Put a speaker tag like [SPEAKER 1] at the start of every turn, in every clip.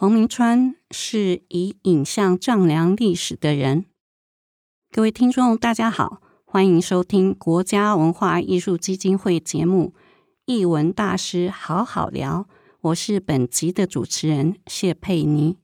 [SPEAKER 1] 黃
[SPEAKER 2] 明川是以影像丈量歷史的人。各位聽眾，大家好，歡迎收聽國家文化藝術基金會節目《藝文大師好好聊》，我是本集的主持人謝佩霓。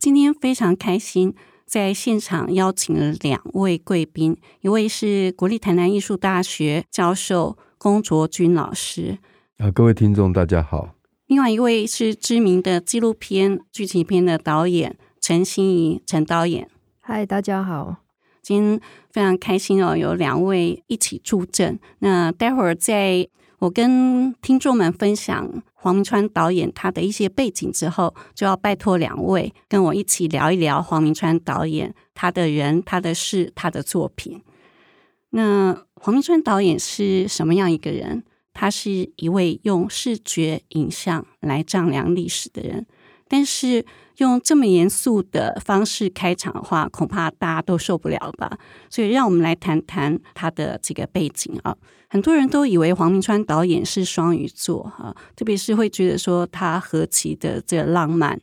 [SPEAKER 2] 今天非常開心，在現場邀請了兩位貴賓，一位是國立台南藝術大學教授龔卓軍老
[SPEAKER 3] 師。啊，各位聽眾，大家好。
[SPEAKER 2] 另外一位是知名的紀錄片、劇情片的導演陳芯宜，陳導演。嗨，大家好！今天非常開心哦，有兩位一起助陣。那待會兒在我跟聽眾們分享黃明川導演他的一些背景之後，就要拜托兩位跟我一起聊一聊黃明川導演他的人、他的事、他的作品。那黃明川導演是什麼樣一個人？他是一位用視覺影像來丈量歷史的人，但是用這麼嚴肅的方式開場的話，恐怕大家都受不了了吧。所以，讓我們來談談他的這個背景啊。很多人都以為黃明川導演是雙魚座哈，啊，特別是會覺得說他何其的這個浪漫。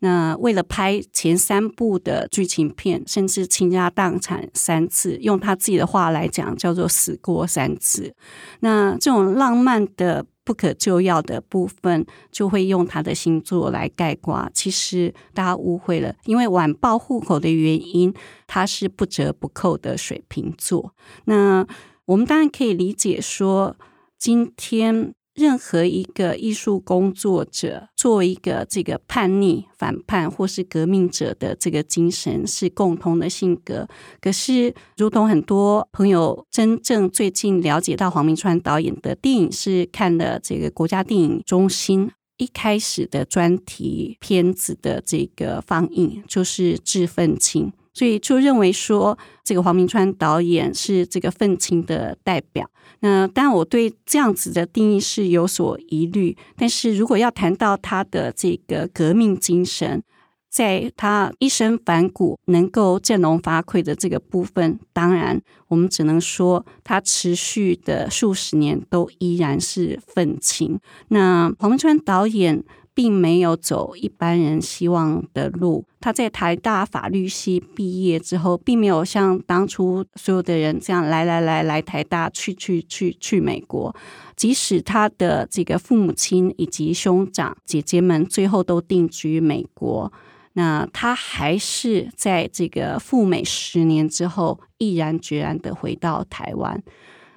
[SPEAKER 2] 那為了拍前三部的劇情片，甚至傾家蕩產三次，用他自己的話來講叫做“死過三次”。那這種浪漫的不可救藥的部分，就會用他的星座來概括。其實大家誤會了，因為晚報戶口的原因，他是不折不扣的水瓶座。那我們當然可以理解說，今天。任何一個藝術工作者，作為一個這個叛逆、反叛或是革命者的這個精神是共同的性格。可是，如同很多朋友真正最近了解到黃明川導演的電影，是看了這個國家電影中心一開始的專題片子的這個放映，就是《致憤青》，所以就認為說這個黃明川導演是這個憤青的代表。嗯，但我對這樣子的定義是有所疑慮。但是如果要談到他的這個革命精神，在他一身反骨能夠振聾發聵的這個部分，當然我們只能說他持續的數十年都依然是憤青。那黃明川導演。並沒有走一般人希望的路。他在台大法律系畢業之後，並沒有像當初所有的人這樣來來來來台大，去去去去美國。即使他的這個父母親以及兄長姐姐們最後都定居美國，那他還是在這個赴美十年之後，毅然決然地回到台灣。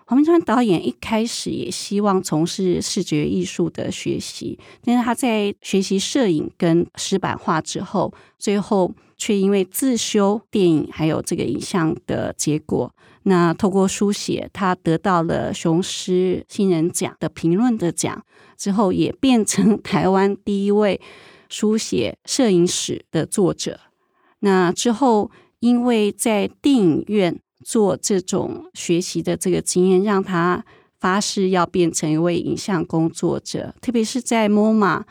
[SPEAKER 2] 黃明川導演一開始也希望從事視覺藝術的學習，但是他在學習攝影跟石板畫之後，最後卻因為自修電影還有這個影像的結果，那透過書寫，他得到了雄獅新人獎的評論的獎，之後也變成台灣第一位書寫攝影史的作者。那之後，因為在電影院。做這種學習的這個經驗，讓他發誓要變成一位影像工作者。特別是在 MoMA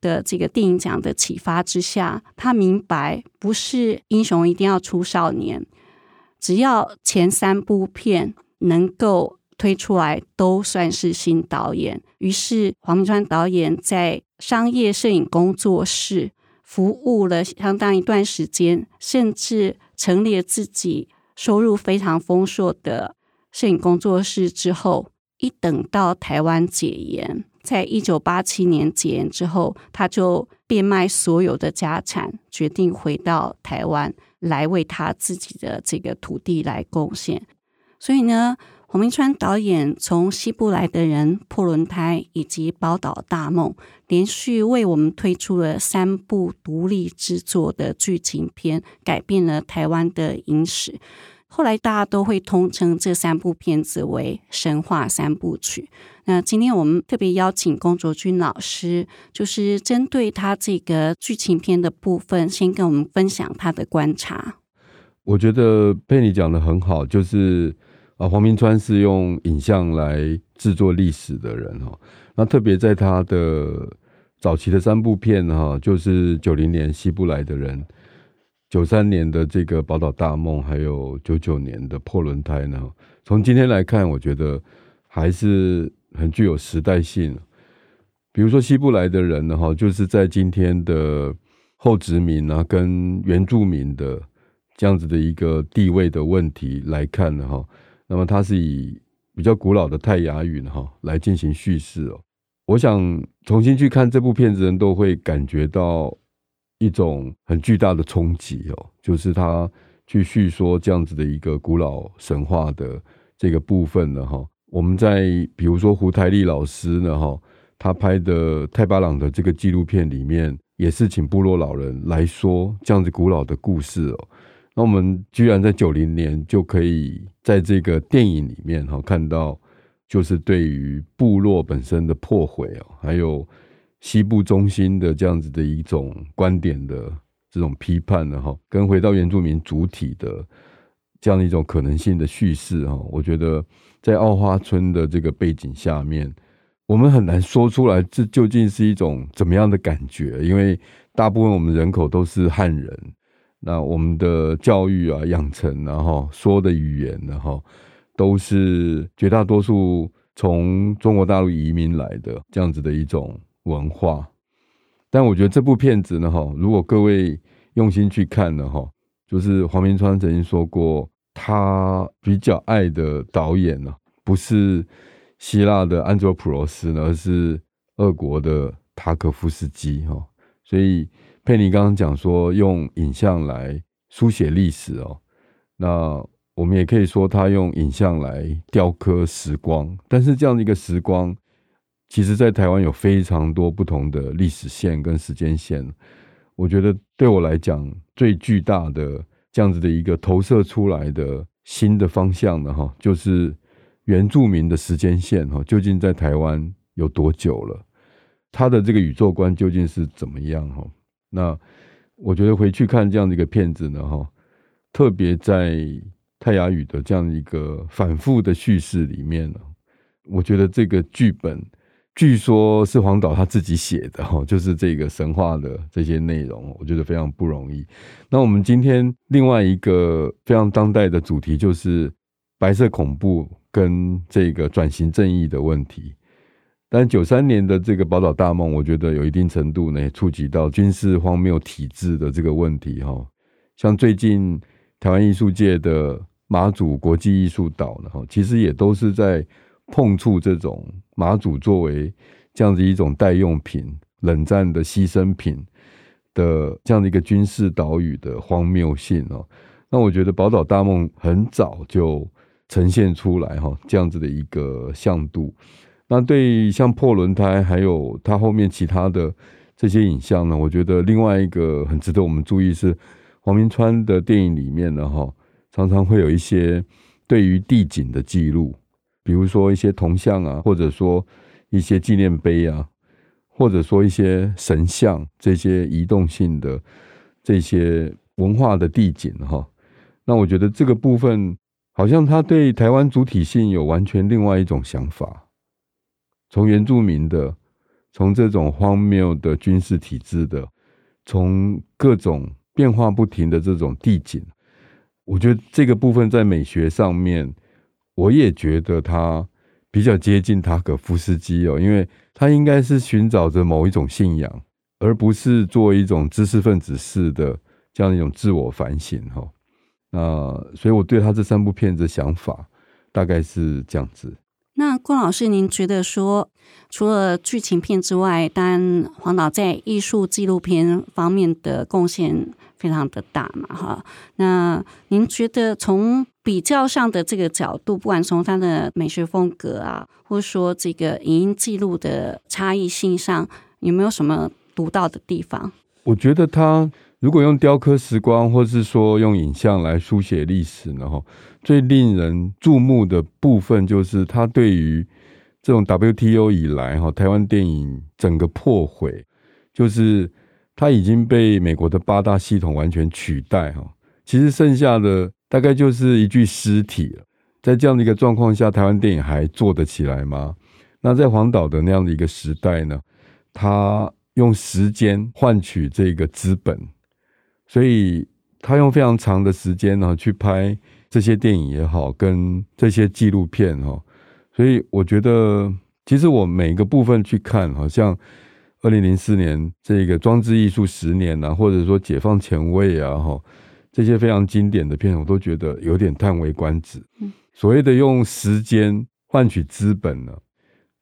[SPEAKER 2] 的這個電影獎的啟發之下，他明白不是英雄一定要出少年，只要前三部片能夠推出來，都算是新導演。於是黃明川導演在商業攝影工作室服務了相當一段時間，甚至成立了自己。收入非常豐碩的攝影工作室之後，一等到台灣解嚴，在一九八七年解嚴之後，他就變賣所有的家產，決定回到台灣來為他自己的這個土地來貢獻。所以呢。黃明川導演從《 從西部來的人》、《破輪胎》以及《寶島大夢》連續為我們推出了三部獨立制作的劇情片，改變了台灣的影史。後來大家都會通稱這三部片子為“神話三部曲”。那今天我們特別邀請龔卓軍老師，就是針對他這個劇情片的部分，先跟我們分享他的觀察。
[SPEAKER 3] 我覺得佩霓講的很好，就是。啊，黃明川是用影像來制作歷史的人哈。那特別在他的早期的三部片哈，就是九零年《西部來的人》，九三年的這個《寶島大夢》，還有九九年的《破輪胎》呢。從今天來看，我覺得還是很具有時代性。比如說《西部來的人》呢，哈，就是在今天的後殖民啊跟原住民的這樣子的一個地位的問題來看呢，哈。那麼它是以比較古老的泰雅語哈來進行敘事哦，我想重新去看這部片子的人都會感覺到一種很巨大的衝擊哦，就是他去敘說這樣子的一個古老神話的這個部分的哈。我們在比如說胡台麗老師呢哈，他拍的泰巴朗的這個紀錄片裡面，也是請部落老人來說這樣子古老的故事哦。那我們居然在九零年就可以在這個電影裡面哈看到，就是對於部落本身的破壞哦，還有西部中心的這樣子的一種觀點的這種批判的哈，跟回到原住民主體的這樣一種可能性的敘事啊，我覺得在澳花村的這個背景下面，我們很難說出來這究竟是一種怎麼樣的感覺，因為大部分我們人口都是漢人。那我們的教育啊，養成然、啊、後說的語言然、啊、哈，都是絕大多數從中國大陸移民來的這樣子的一種文化。但我覺得這部片子呢，哈，如果各位用心去看了哈，就是黃明川曾經說過，他比較愛的導演呢、啊，不是希臘的安卓普羅斯呢，而是俄國的塔可夫斯基哈，所以。佩霓剛剛講說用影像來書寫歷史哦，那我們也可以說他用影像來雕刻時光。但是這樣的一個時光，其實在台灣有非常多不同的歷史線跟時間線。我覺得對我來講最巨大的這樣子的一個投射出來的新的方向的哈，就是原住民的時間線哈，究竟在台灣有多久了？他的這個宇宙觀究竟是怎麼樣哈？那我覺得回去看這樣的一個片子呢，哈，特別在泰雅語的這樣一個反覆的敘事裡面呢，我覺得這個劇本據說是黃導他自己寫的，哈，就是這個神話的這些內容，我覺得非常不容易。那我們今天另外一個非常當代的主題就是白色恐怖跟這個轉型正義的問題。但九三年的這個寶島大夢，我覺得有一定程度呢，也觸及到軍事荒謬體制的這個問題哈。像最近台灣藝術界的馬祖國際藝術島呢，哈，其實也都是在碰觸這種馬祖作為這樣子一種代用品、冷戰的犧牲品的這樣的一個軍事島嶼的荒謬性哦。那我覺得寶島大夢很早就呈現出來哈，這樣子的一個向度。那對於像破輪胎，還有他後面其他的這些影像呢，我覺得另外一個很值得我們注意是黃明川的電影裡面呢，哈，常常會有一些對於地景的記錄，比如說一些銅像啊，或者說一些紀念碑啊，或者說一些神像這些移動性的這些文化的地景哈。那我覺得這個部分好像他對台灣主體性有完全另外一種想法。從原住民的，從這種荒謬的軍事體制的，從各種變化不停的這種地景，我覺得這個部分在美學上面，我也覺得他比較接近塔可夫斯基哦，因為他應該是尋找着某一種信仰，而不是做一種知識分子式的這樣一種自我反省哈、哦。那所以，我對他這三部片子的想法大概是這樣子。
[SPEAKER 2] 龔老師，您覺得說，除了劇情片之外，當然黃導在藝術紀錄片方面的貢獻非常的大嘛，哈，那您覺得從比較上的這個角度，不管從他的美學風格啊，或者說這個影音記錄的差異性上，有沒有什麼獨到的地方？
[SPEAKER 3] 我覺得他。如果用雕刻時光，或是說用影像來書寫歷史呢？哈，最令人注目的部分就是，它對於這種 WTO 以來哈，台灣電影整個破毀，就是它已經被美國的八大系統完全取代哈。其實剩下的大概就是一具屍體了。在這樣的一個狀況下，台灣電影還做得起來嗎？那在黃導的那樣的一個時代呢？他用時間換取這個資本。所以他用非常長的時間啊，去拍這些電影也好，跟這些紀錄片哦。所以我覺得，其實我每個部分去看，好像二零零四年這個裝置藝術十年啊，或者說解放前衛啊哈，這些非常經典的片，我都覺得有點嘆為觀止。所謂的用時間換取資本呢？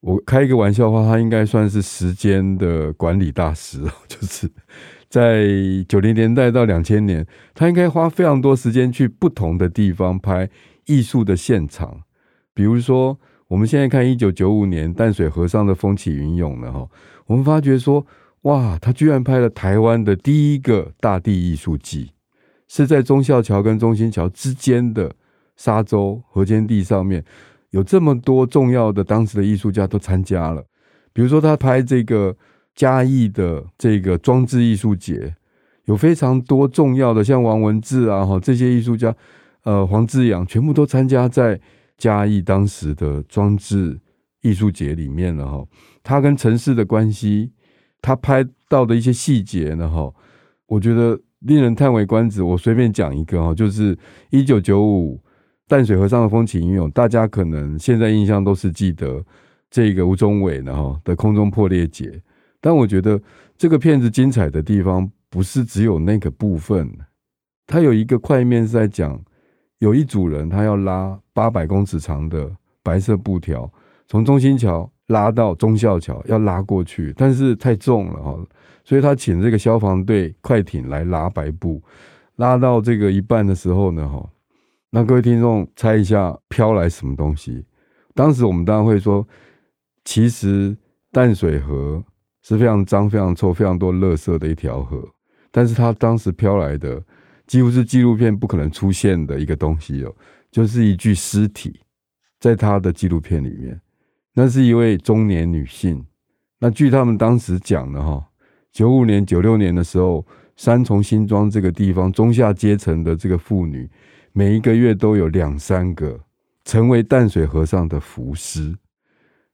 [SPEAKER 3] 我開一個玩笑話，他應該算是時間的管理大師，就是在九零年代到兩千年，他應該花非常多時間去不同的地方拍藝術的現場，比如說我們現在看一九九五年淡水河上的風起雲湧了哈，我們發覺說哇，他居然拍了台灣的第一個大地藝術季，是在忠孝橋跟中興橋之間的沙洲河間地上面。有這麼多重要的當時的藝術家都參加了，比如說他拍這個嘉義的這個裝置藝術節，有非常多重要的像王文志啊哈這些藝術家，呃黃志陽全部都參加在嘉義當時的裝置藝術節裡面了哈。他跟城市的關係，他拍到的一些細節呢哈，我覺得令人嘆為觀止。我隨便講一個哈，就是一九九五。淡水河上的風起雲湧，大家可能現在印象都是記得這個吳中煒的哈的空中破裂節。但我覺得這個片子精彩的地方不是只有那個部分，它有一個塊面是在講，有一組人他要拉八百公尺長的白色布條從中心橋拉到忠孝橋要拉過去，但是太重了哈，所以他請這個消防隊快艇來拉白布，拉到這個一半的時候呢哈。那各位聽眾猜一下，飄來什麼東西？當時我們當然會說，其實淡水河是非常髒、非常臭、非常多垃圾的一條河。但是它當時飄來的，幾乎是紀錄片不可能出現的一個東西哦，就是一具屍體，在它的紀錄片裡面。那是一位中年女性。那據他們當時講的哈，九五年、九六年的時候，三重新莊這個地方中下階層的這個婦女。每一個月都有兩三個成為淡水河上的浮屍，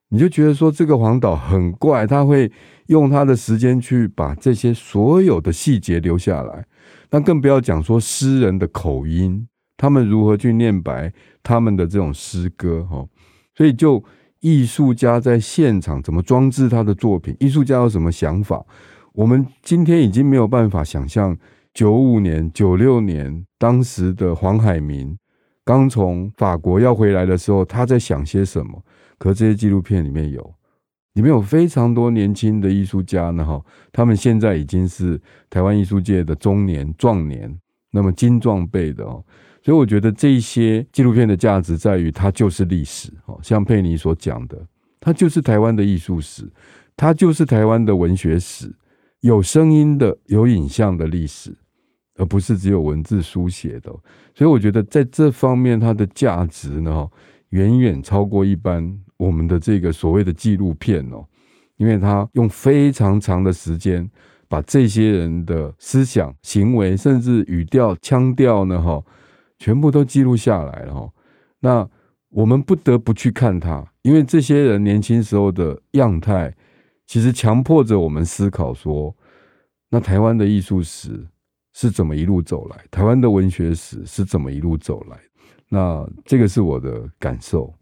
[SPEAKER 3] 你就覺得說這個黃導很怪，他會用他的時間去把這些所有的細節留下來。那更不要講說詩人的口音，他們如何去念白他們的這種詩歌哈。所以，就藝術家在現場怎麼裝置他的作品，藝術家有什麼想法，我們今天已經沒有辦法想象。九五年、九六年，當時的黃明川剛從法國要回來的時候，他在想些什麼？可這些紀錄片裡面有，裡面有非常多年輕的藝術家呢。哈，他們現在已經是台灣藝術界的中年、壯年，那麼精壯輩的哦。所以我覺得這些紀錄片的價值在於，它就是歷史。哦，像佩霓所講的，它就是台灣的藝術史，它就是台灣的文學史。有聲音的、有影像的歷史，而不是只有文字書寫的，所以我覺得在這方面它的價值呢，遠遠超過一般我們的這個所謂的紀錄片哦，因為它用非常長的時間把這些人的思想、行為，甚至語調、腔調呢，哈，全部都記錄下來了哈。那我們不得不去看它，因為這些人年輕時候的樣態。其實強迫着我們思考說，那台灣的藝術史是怎麼一路走來，台灣的文學史是怎麼一路走來，那這個是我的感受。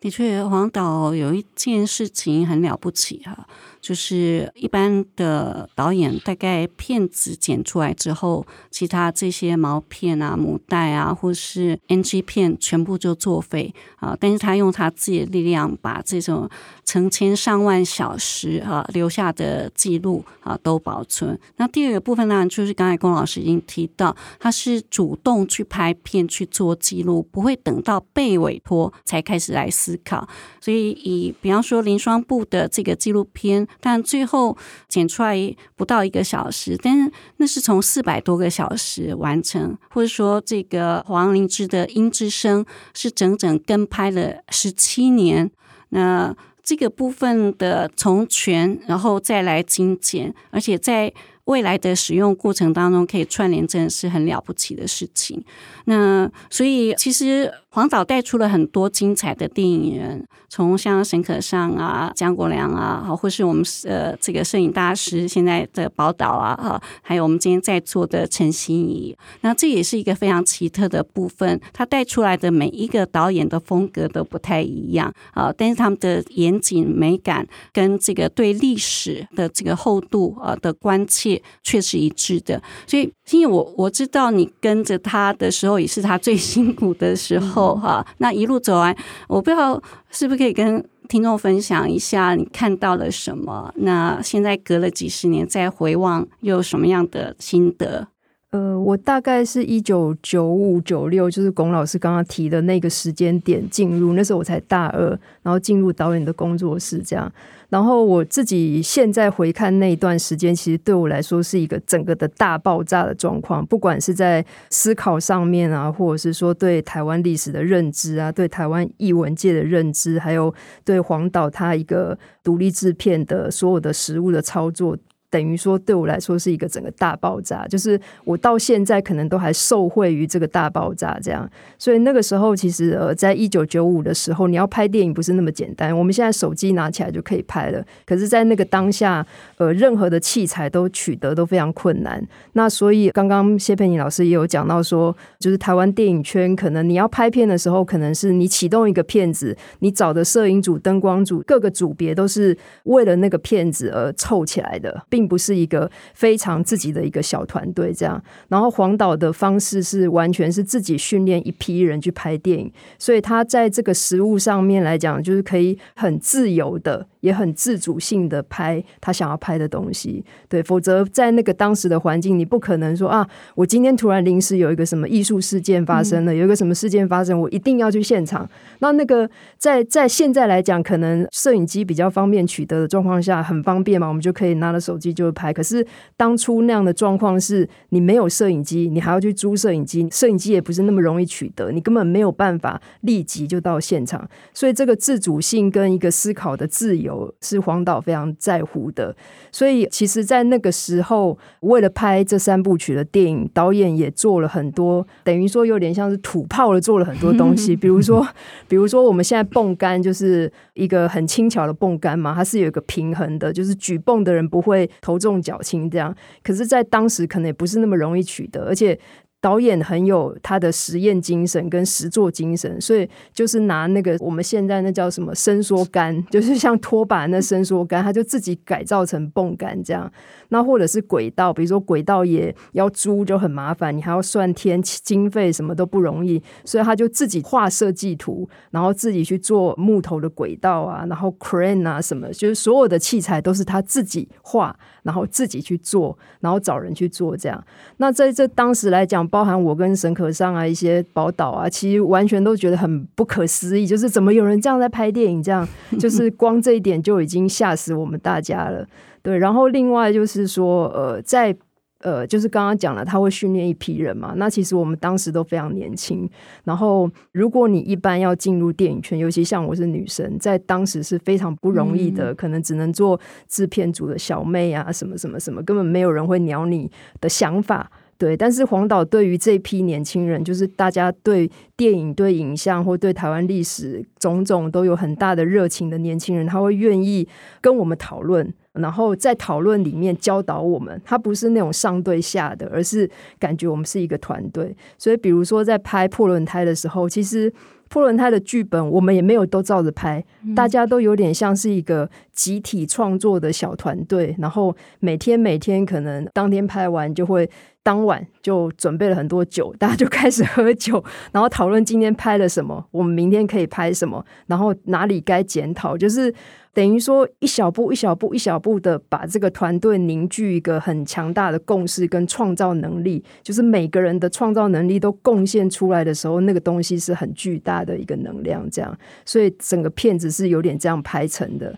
[SPEAKER 2] 的確，黃導有一件事情很了不起哈、啊，就是一般的導演，大概片子剪出來之後，其他這些毛片啊、母帶啊，或是 NG 片，全部就作廢啊。但是他用他自己的力量，把這種成千上萬小時啊留下的記錄啊都保存。那第二個部分呢、啊，就是剛才龔老師已經提到，他是主動去拍片去做記錄，不會等到被委託才開始來死。思考，所以以，比方說林雙不的這個紀錄片，但最後剪出來不到一個小時，但是那是從四百多個小時完成，或者說這個黃靈芝的《音之聲》是整整跟拍了十七年，那這個部分的從全然後再來精剪，而且在。未來的使用過程當中，可以串聯，真的是很了不起的事情。那所以，其實黃導帶出了很多精彩的電影人，從像沈可尚啊、江國良啊，或是我們呃這個攝影大師現在的寶島啊，哈、啊，還有我們今天在座的陳芯宜，那這也是一個非常奇特的部分。他帶出來的每一個導演的風格都不太一樣啊，但是他們的嚴謹美感跟這個對歷史的這個厚度啊的關切。確實一致的，所以因為我我知道你跟着他的時候也是他最辛苦的時候哈。那一路走來，我不知道是不是可以跟聽眾分享一下你看到了什麼？那現在隔了幾十年再回望，又有什麼樣的心得？
[SPEAKER 1] 呃，我大概是一九九五九六，就是龔老師剛剛提的那個時間點進入，那時候我才大二，然後進入導演的工作室這樣。然後我自己現在回看那一段時間，其實對我來說是一個整個的大爆炸的狀況，不管是在思考上面啊，或者是說對台灣歷史的認知啊，對台灣藝文界的認知，還有對黃導他一個獨立製片的所有的實務的操作。等於說，對我來說是一個整個大爆炸，就是我到現在可能都還受惠於這個大爆炸這樣。所以那個時候，其實呃，在一九九五的時候，你要拍電影不是那麼簡單。我們現在手機拿起來就可以拍了，可是，在那個當下，呃，任何的器材都取得都非常困難。那所以，剛剛謝佩霓老師也有講到說，就是台灣電影圈可能你要拍片的時候，可能是你啟動一個片子，你找的攝影組、燈光組，各個組別都是為了那個片子而湊起來的。並不是一個非常自己的一個小團隊這樣，然後黃導的方式是完全是自己訓練一批人去拍電影，所以他在這個實務上面來講，就是可以很自由的。也很自主性的拍他想要拍的東西，對，否則在那個當時的環境，你不可能說啊，我今天突然臨時有一個什麼藝術事件發生了，有一個什麼事件發生，我一定要去現場。嗯。那那個在在現在來講，可能攝影機比較方便取得的狀況下，很方便嘛，我們就可以拿着手機就拍。可是當初那樣的狀況是，你沒有攝影機，你還要去租攝影機，攝影機也不是那麼容易取得，你根本沒有辦法立即就到現場，所以這個自主性跟一個思考的自由。是黃導非常在乎的，所以其實，在那個時候，為了拍這三部曲的電影，導演也做了很多，等於說有點像是土炮了，做了很多東西，比如說， 比如說我們現在泵杆就是一個很輕巧的泵杆嘛，它是有一個平衡的，就是舉泵的人不會頭重腳輕這樣。可是，在當時可能也不是那麼容易取得，而且，導演很有他的實驗精神跟實作精神，所以就是拿那個我們現在那叫什麼伸縮桿，就是像拖把那伸縮桿，他就自己改造成泵桿這樣。那或者是軌道，比如說軌道也要租就很麻煩，你還要算天經費，什麼都不容易，所以他就自己畫設計圖，然後自己去做木頭的軌道啊，然後 crane 啊什麼，就是所有的器材都是他自己畫。然後自己去做，然後找人去做這樣。那在這當時來講，包含我跟沈可尚啊，一些寶島啊，其實完全都覺得很不可思議，就是怎麼有人這樣在拍電影，這樣就是光這一點就已經嚇死我們大家了。 對，然後另外就是說，呃，在。呃，就是剛剛講了，他會訓練一批人嘛。那其實我們當時都非常年輕。然後，如果你一般要進入電影圈，尤其像我是女生，在當時是非常不容易的，可能只能做製片組的小妹啊，什麼什麼什麼，根本沒有人會鳥你的想法。對，但是黃導對於這批年輕人，就是大家對電影、對影像或對台灣歷史種種都有很大的熱情的年輕人，他會願意跟我們討論，然後在討論裡面教導我們。他不是那種上對下的，而是感覺我們是一個團隊。所以，比如說在拍破輪胎的時候，其實破輪胎的劇本我們也沒有都照着拍，大家都有點像是一個集體創作的小團隊，然後每天每天可能當天拍完就會。當晚就準備了很多酒，大家就開始喝酒，然後討論今天拍了什麼，我們明天可以拍什麼，然後哪裡該檢討，就是等於說一小步一小步一小步的把這個團隊凝聚一個很強大的共識跟創造能力，就是每個人的創造能力都貢獻出來的時候，那個東西是很巨大的一個能量，這樣，所以整個片子是有點這樣拍成的。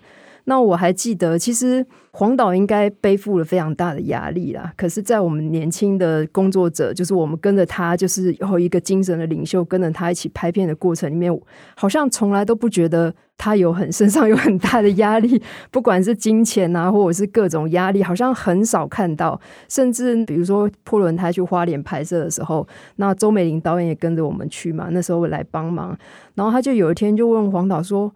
[SPEAKER 1] 那我還記得，其實黃導應該背負了非常大的壓力啦。可是，在我們年輕的工作者，就是我們跟着他，就是有一個精神的領袖，跟着他一起拍片的過程裡面，好像從來都不覺得他有很身上有很大的壓力，不管是金錢啊，或者是各種壓力，好像很少看到。甚至比如說破輪胎去花蓮拍攝的時候，那周美玲導演也跟着我們去嘛，那時候我來幫忙。然後他就有一天就問黃導說。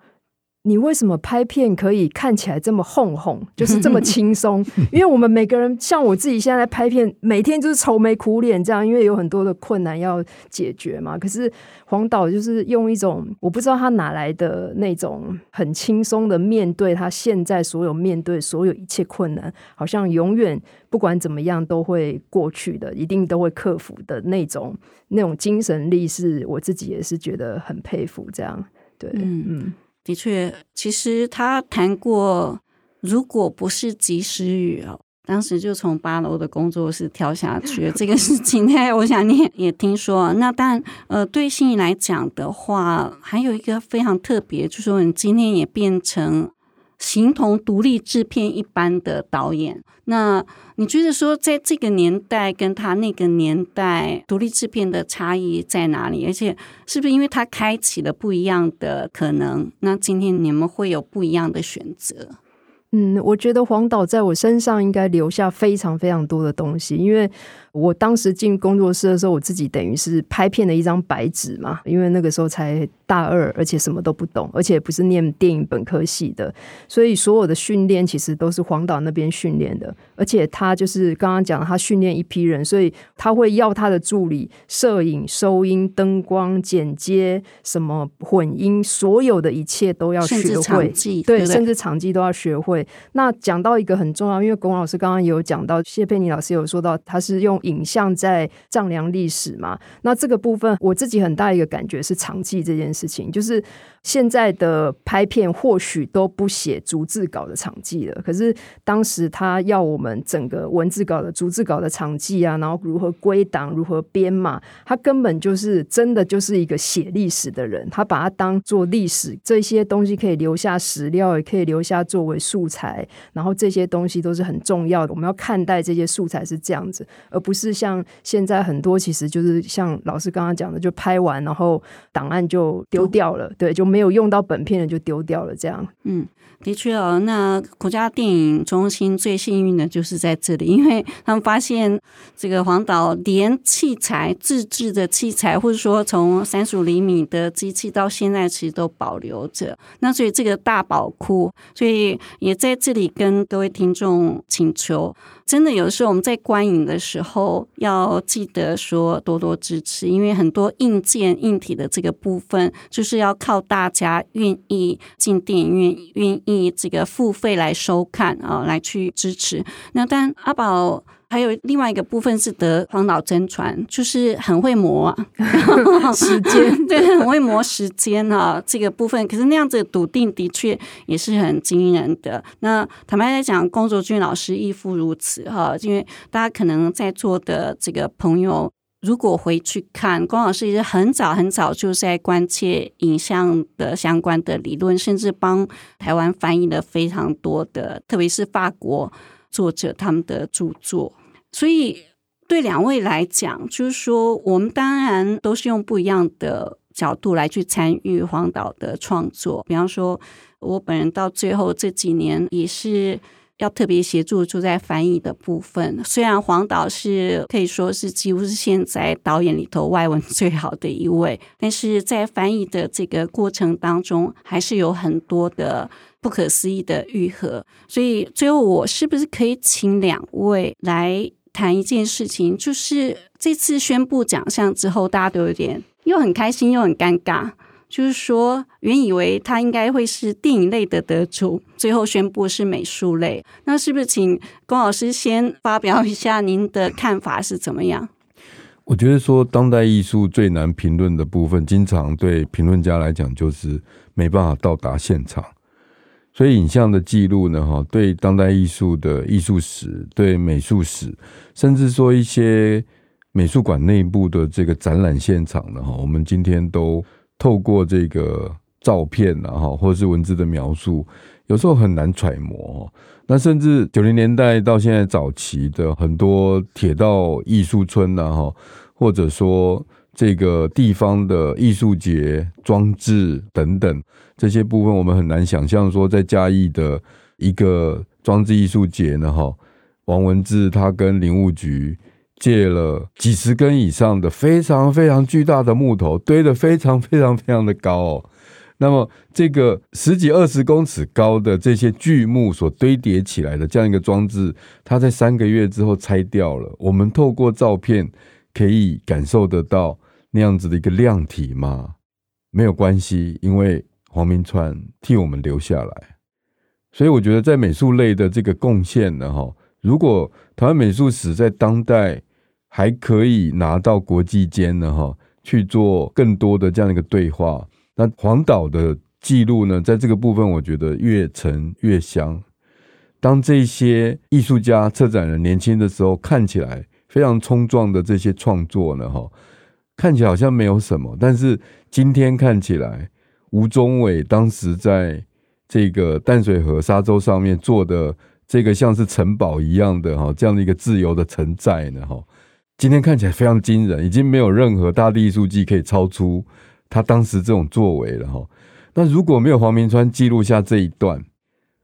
[SPEAKER 1] 你為什麼拍片可以看起來這麼哄哄，就是這麼輕鬆？ 因為我們每個人，像我自己現在在拍片，每天就是愁眉苦臉這樣，因為有很多的困難要解決嘛。可是黃導就是用一種我不知道他哪來的那種很輕鬆的面對他現在所有面對所有一切困難，好像永遠不管怎麼樣都會過去的，一定都會克服的那種那種精神力，是我自己也是覺得很佩服。這樣，對，嗯嗯。的確，其實他談過，
[SPEAKER 2] 如果不是及時雨哦，當時就從八樓的工作室跳下去，這個事情呢，我想你也聽說。那但呃，對芯宜來講的話，還有一個非常特別，就是說你今天也變成。形同獨立製片一般的導演，那你覺得說在這個年代跟他那個年代獨立製片的差異在哪裡？而且是不是因為他開啟了不一樣的可能？那今天你們會有不一樣的選擇？
[SPEAKER 1] 嗯，我覺得黃導在我身上應該留下非常非常多的東西，因為……我當時進工作室的時候，我自己等於是拍片的一張白紙嘛，因為那個時候才大二，而且什麼都不懂，而且不是念電影本科系的，所以所有的訓練其實都是黃導那邊訓練的，而且他就是剛剛講，他訓練一批人，所以他會要他的助理攝影、收音、燈光、剪接，什麼混音，所有的一切都要學會，對,對,對，甚至場記都要學會。那講到一個很重要，因為龔老師剛剛也有講到，謝佩霓老師有說到，他是用。影像在丈量歷史嘛，那這個部分我自己很大一個感覺是場記這件事情，就是現在的拍片或許都不寫逐字稿的場記了。可是當時他要我們整個文字稿的逐字稿的場記啊，然後如何歸檔、如何編碼，他根本就是真的就是一個寫歷史的人，他把它當做歷史這些東西可以留下史料，也可以留下作為素材，然後這些東西都是很重要的。我們要看待這些素材是這樣子，而不是。不是像現在很多，其實就是像老師剛剛講的，就拍完然後檔案就丟掉了，對，就沒有用到本片的就丟掉了。這樣，嗯，
[SPEAKER 2] 的確哦。那國家電影中心最幸運的就是在這裡，因為他們發現這個黃導連器材自製的器材，或者說從三十五釐米的機器到現在其實都保留着。那所以這個大寶庫，所以也在這裡跟各位聽眾請求。真的，有的時候我們在觀影的時候要記得說多多支持，因為很多硬件、硬體的這個部分，就是要靠大家願意進電影院、願意這個付費來收看啊，哦，來去支持。那當然，阿寶。還有另外一個部分是得黃老真傳，就是很會磨，啊、 時間，對，很會磨時間啊。 這個部分，可是那樣子篤定的確也是很驚人的。那坦白來講，龔卓軍老師亦復如此哈，啊，因為大家可能在座的這個朋友，如果回去看龔老師，也是很早很早就在關切影像的相關的理論，甚至幫台灣翻譯了非常多的，特別是法國作者他們的著作。所以對兩位來講，就是說，我們當然都是用不一樣的角度來去參與黃導的創作。比方說，我本人到最後這幾年也是要特別協助住在翻譯的部分。雖然黃導是可以說是幾乎是現在導演裡頭外文最好的一位，但是在翻譯的這個過程當中，還是有很多的不可思議的癒合。所以最後，我是不是可以請兩位來？談一件事情，就是這次宣布獎項之後，大家都有點又很開心又很尷尬。就是說，原以為他應該會是電影類的得主，最後宣布是美術類。那是不是請龔老師先發表一下您的看法是怎麼樣？
[SPEAKER 3] 我覺得說，當代藝術最難評論的部分，經常對評論家來講就是沒辦法到達現場。所以影像的記錄呢，哈，對當代藝術的藝術史、對美術史，甚至說一些美術館內部的這個展覽現場呢，哈，我們今天都透過這個照片或者是文字的描述，有時候很難揣摩。那甚至九零年代到現在早期的很多鐵道藝術村或者說，這個地方的藝術節裝置等等這些部分，我們很難想象說在嘉義的一個裝置藝術節呢。哈，王文志他跟林務局借了幾十根以上的非常非常巨大的木頭，堆得非常非常非常的高哦。那麼這個十幾二十公尺高的這些巨木所堆疊起來的這樣一個裝置，它在三個月之後拆掉了。我們透過照片可以感受得到。那樣子的一個量體嘛，沒有關係，因為黃明川替我們留下來，所以我覺得在美術類的這個貢獻呢，哈，如果台灣美術史在當代還可以拿到國際間呢，哈，去做更多的這樣的一個對話，那黃導的記錄呢，在這個部分，我覺得越陳越香。當這些藝術家策展人年輕的時候，看起來非常衝撞的這些創作呢，哈。看起來好像沒有什麼，但是今天看起來，吳中偉當時在這個淡水河沙洲上面做的這個像是城堡一樣的哈，這樣的一個自由的城寨呢，哈，今天看起來非常驚人，已經沒有任何大地藝術季可以超出他當時這種作為了哈。那如果沒有黃明川記錄下這一段，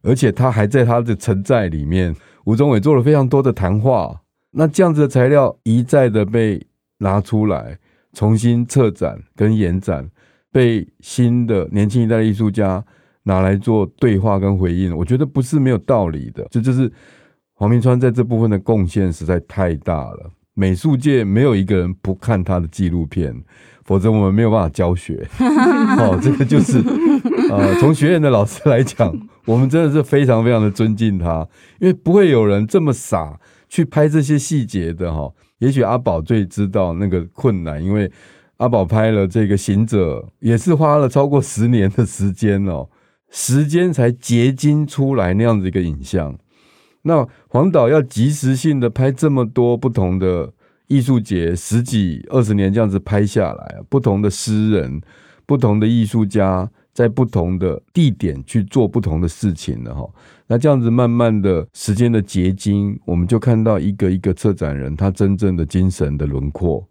[SPEAKER 3] 而且他還在他的城寨裡面，吳中偉做了非常多的談話，那這樣子的材料一再的被拿出來。重新策展跟延展，被新的年輕一代的藝術家拿來做對話跟回應，我覺得不是沒有道理的。這就，就是黃明川在這部分的貢獻實在太大了。美術界沒有一個人不看他的紀錄片，否則我們沒有辦法教學。 哦，這個就是呃，從學院的老師來講，我們真的是非常非常的尊敬他，因為不會有人這麼傻去拍這些細節的哈。也許阿寶最知道那個困難，因為阿寶拍了這個《行者》，也是花了超過十年的時間哦，時間才結晶出來那樣子一個影像。那黃導要及時性的拍這麼多不同的藝術節，十幾二十年這樣子拍下來，不同的詩人、不同的藝術家，在不同的地點去做不同的事情的那這樣子慢慢的時間的結晶，我們就看到一個一個策展人他真正的精神的輪廓，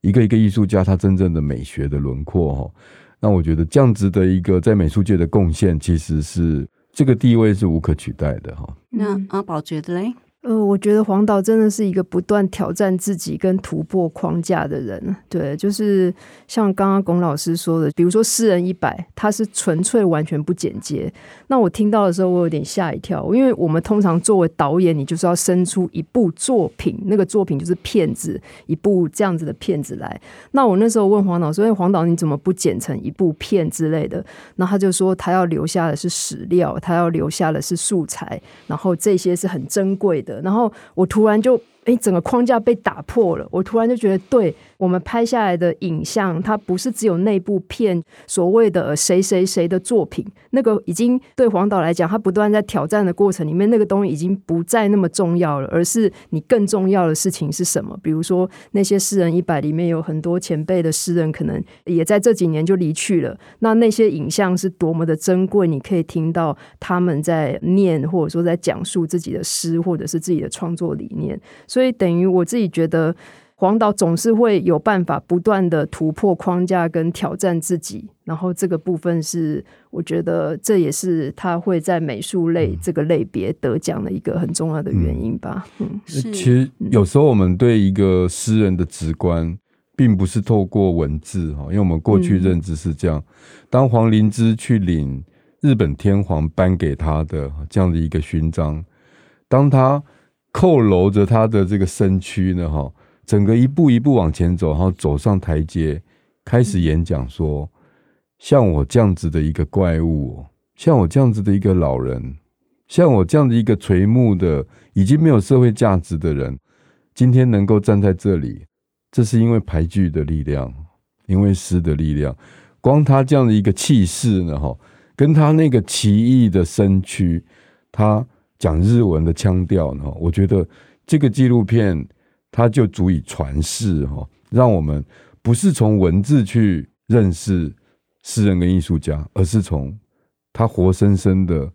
[SPEAKER 3] 一個一個藝術家他真正的美學的輪廓，哦，那我覺得這樣子的一個在美術界的貢獻，其實是這個地位是無可取代的，哈。
[SPEAKER 1] 那阿寶覺得嘞？呃，我覺得黃導真的是一個不斷挑戰自己跟突破框架的人。對，就是像剛剛龔老師說的，比如說《詩人一百》，他是純粹完全不剪接。那我聽到的時候，我有點嚇一跳，因為我們通常作為導演，你就是要生出一部作品，那個作品就是片子，一部這樣子的片子來。那我那時候問黃導說：“哎，黃導你怎麼不剪成一部片之類的？”那他就說：“他要留下的是史料，他要留下的是素材，然後這些是很珍貴的。”然後我突然就。哎，整個框架被打破了。我突然就覺得，對，我們拍下來的影像，它不是只有那部片所謂的誰誰誰的作品。那個已經對黃導來講，他不斷在挑戰的過程裡面，那個東西已經不再那麼重要了。而是你更重要的事情是什麼？比如說，那些詩人一百裡面有很多前輩的詩人，可能也在這幾年就離去了。那那些影像是多麼的珍貴！你可以聽到他們在念，或者說在講述自己的詩，或者是自己的創作理念。所以等於我自己覺得，黃導總是會有辦法不斷的突破框架跟挑戰自己，然後這個部分是我覺得這也是他會在美術類這個類別得獎的一個很重要的原因吧。嗯，嗯，其實
[SPEAKER 3] 有時候我們對一個詩人的直觀，並不是透過文字哈，因為我們過去認知是這樣。嗯，當黃靈芝去領日本天皇頒給他的這樣的一個勛章，當他。佝僂着他的這個身軀呢，哈，整個一步一步往前走，然後走上台階，開始演講說：“像我這樣子的一個怪物，像我這樣子的一個老人，像我這樣的一個垂暮的、已經沒有社會價值的人，今天能夠站在這裡，這是因為俳句的力量，因為詩的力量。光他這樣的一個氣勢呢，哈，跟他那個奇異的身軀，他。”講日文的腔調呢，我覺得這個紀錄片它就足以傳世哈，讓我們不是從文字去認識詩人跟藝術家，而是從他活生生的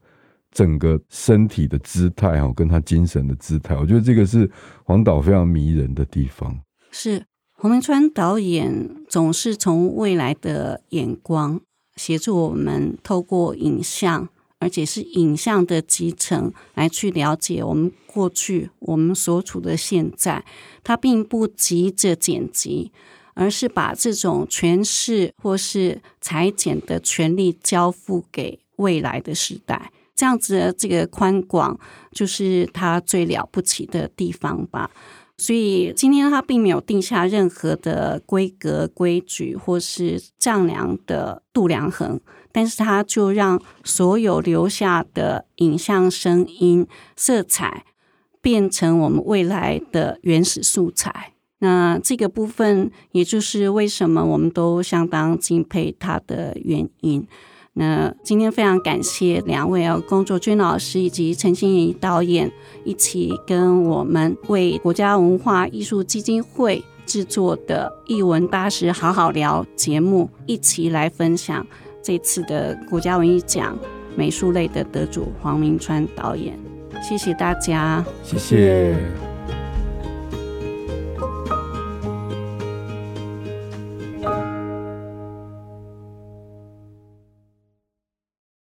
[SPEAKER 3] 整個身體的姿態哈，跟他精神的姿態，我覺得這個是黃導非常迷人的地方。
[SPEAKER 2] 是黃明川導演總是從未來的眼光協助我們透過影像，而且是影像的集成來去了解我們過去，我們所處的現在，它並不急着剪輯，而是把這種詮釋或是裁剪的權利交付給未來的時代。這樣子的這個寬廣，就是它最了不起的地方吧。所以今天它並沒有定下任何的規格、規矩或是丈量的度量衡。但是它就讓所有留下的影像、聲音、色彩變成我們未來的原始素材。那這個部分，也就是為什麼我們都相當敬佩它的原因。那今天非常感謝兩位啊，龔卓軍老師以及陳芯宜導演一起跟我們為國家文化藝術基金會制作的《藝文大師好好聊》節目一起來分享。這次的國家文藝獎美術類的得主黃明川導演，謝謝大家，
[SPEAKER 3] 謝謝。